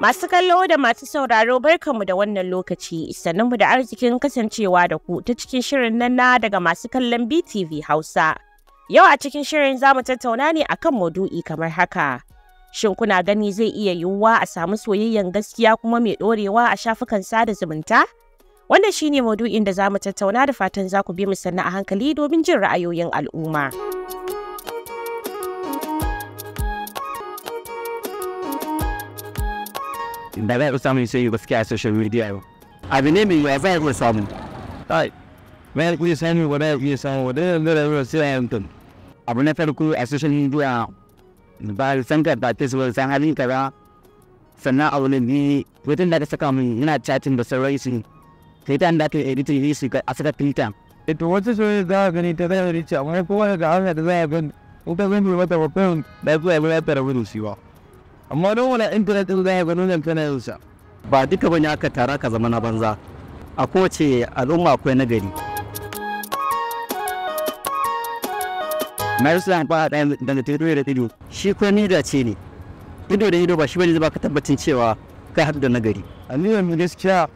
Masu kallo da masu sauraro barkanmu da wannan lokaci mu da arzikin kasancewa da ku ta cikin shirin nan na daga masu kallon BTV Hausa. Yau a cikin shirin za mu tattauna ne a kan maudu'i kamar haka. Shin kuna gani zai iya yiwuwa a samu soyayyen gaskiya kuma mai ɗorewa a shafukan sada zumunta? Wannan shine maudu'in da za mu tattauna da fatan za ku bi mu sannu a hankali domin jin ra'ayoyin al'umma. I I Never şey sosyal medyaya. Abi ne bileyim efendim hesabım. Hayır. Ben bir sen var ben bir sen var ben bir sen var. Abi ne kadar kuru I medyaya. Ben sen kadar tesbih sen halin kadar. Sana avlen bir bütün nerede sakamın yine chatin basarayısın. Kaitan da ke editin yi su ka asaka kaitan. Ito wata so da gani ta to rica wani kowa ga an da zai ban. Uta zan bi mata wa pen da zai bi mata da wurin siwa. amma don wani intanet din zai ga nan intanet din ba duka bane aka tara ka zama na banza a kowace al'umma akwai nagari Marislan ba ɗaya daga tirmiyya da ido shi kuma ni da ce ne ido da ido ba shi bane zai baka tabbacin cewa kai haɗu da nagari amiran mu gaskiya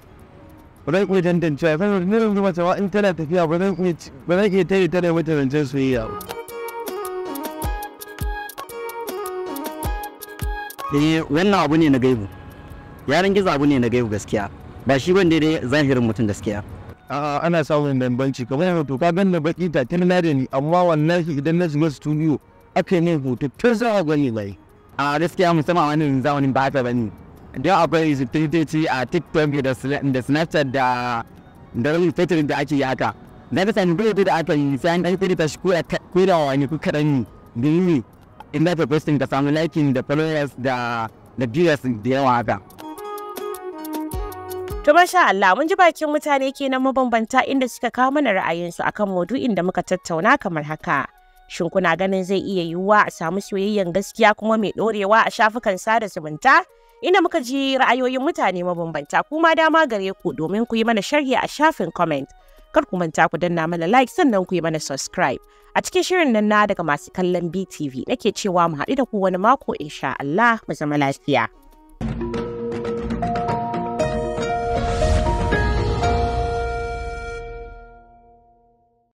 ba zai iya tantance ba zai iya tafiya ba zai iya tare tare mata rancen soyayya ba eh wannan abu ne na gaibu yaran gizo abu ne na gaibu gaskiya ba shi bane dai zahirin mutum gaskiya ana samun bambanci kamar yana to ka ganna baki ta tana da ni amma wannan idan na shiga studio aka ne hoto tun za a gani bai a gaskiya musamman wani zamanin ba ta bane don akwai zubtititi a tiktok da snapchat da da rubutun da ake yi haka na da sanin da aka yi sai an ɗan ta shi ko da wani kuka ɗan ne in that ka posting liking da followers da da viewers da yawa haka. To masha Allah mun ji bakin mutane kenan mabambanta inda suka kawo mana ra'ayinsu akan maudu'in da muka tattauna kamar haka. Shin kuna ganin zai iya yiwuwa a samu soyayyen gaskiya kuma mai ɗorewa a shafukan sada zumunta? Inda muka ji ra'ayoyin mutane mabambanta kuma dama gare ku domin ku yi mana sharhi a shafin comment. kar ku manta ku danna mana like sannan ku yi mana subscribe. A cikin shirin nan na daga masu kallon BTV nake cewa mu haɗu da ku wani mako insha Allah mu zama lafiya.